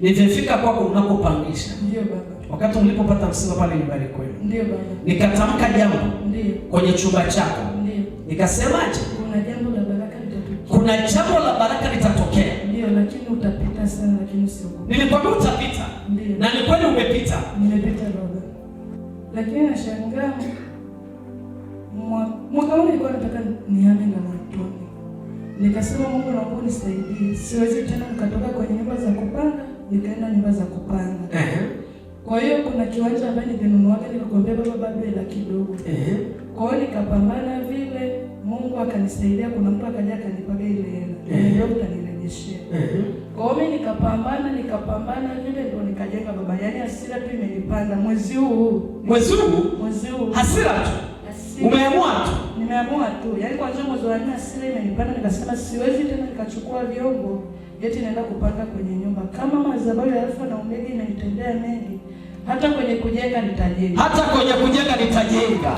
nimefika kwako unakopangisha. Ndio baba. Wakati ulipopata msiba pale nyumbani kwenu. Ndio baba. Nikatamka jambo. Ndio. Kwenye chumba chako. Ndio. Nikasemaje? Kuna jambo la baraka litatokea. Kuna jambo la baraka litatokea. Ndio, lakini utapita sana lakini sio. Nilikwambia utapita. Ndio. Na ni kweli umepita. Nimepita baba. Lakini nashangaa mwaka ule nilikuwa nataka nihame na Mtoni. Nikasema Mungu, naomba unisaidie. Siwezi tena nikatoka kwenye nyumba za kupanga nikaenda nyumba za kupanga. Ehe. Kwa hiyo kuna kiwanja ambaye nilinunua nikakwambia baba bado ila kidogo. Ehe. Kwa hiyo nikapambana vile Mungu akanisaidia kuna mtu akaja akanipaga ile hela. Ndio utanirejeshea. Kwa hiyo mimi nikapambana nikapambana vile ndio nikajenga baba. Yaani hasira tu imenipanda mwezi huu. Mwezi huu? Mwezi huu. Hasira tu. Umeamua tu. Nimeamua tu. Yaani kwanza mwezi wa 4 hasira imenipanda nikasema siwezi tena nikachukua vyombo geti inaenda kupanga kwenye nyumba. Kama madhabahu ya Alfa na Omega inaitendea mengi, hata kwenye kujenga nitajenga, hata kwenye kujenga nitajenga.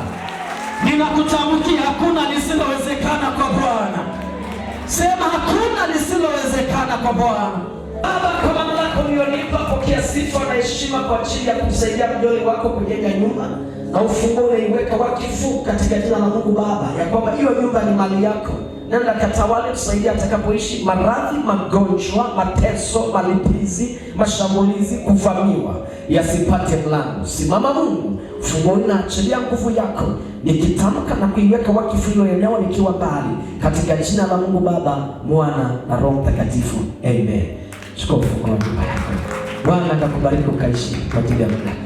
Ninakutamkia hakuna lisilowezekana kwa Bwana. Sema hakuna lisilowezekana kwa Bwana. Baba, kwa mamlaka ulionipa, pokea sifa na heshima kwa ajili ya kumsaidia mjoli wako kujenga nyumba na ufunguo umeiweka wakifu katika jina la Mungu Baba, ya kwamba hiyo nyumba ni mali yako neno la katawale tusaidia atakapoishi maradhi, magonjwa, mateso, malipizi, mashambulizi, kuvamiwa yasipate mlango. Simama Mungu fungoni na achilia nguvu yako, nikitamka na kuiweka wakifu hilo eneo nikiwa mbali, katika jina la Mungu Baba, Mwana na Roho Mtakatifu, amen. Shika ufungoni. Bwana atakubariki ukaishi kwa ajili ya muda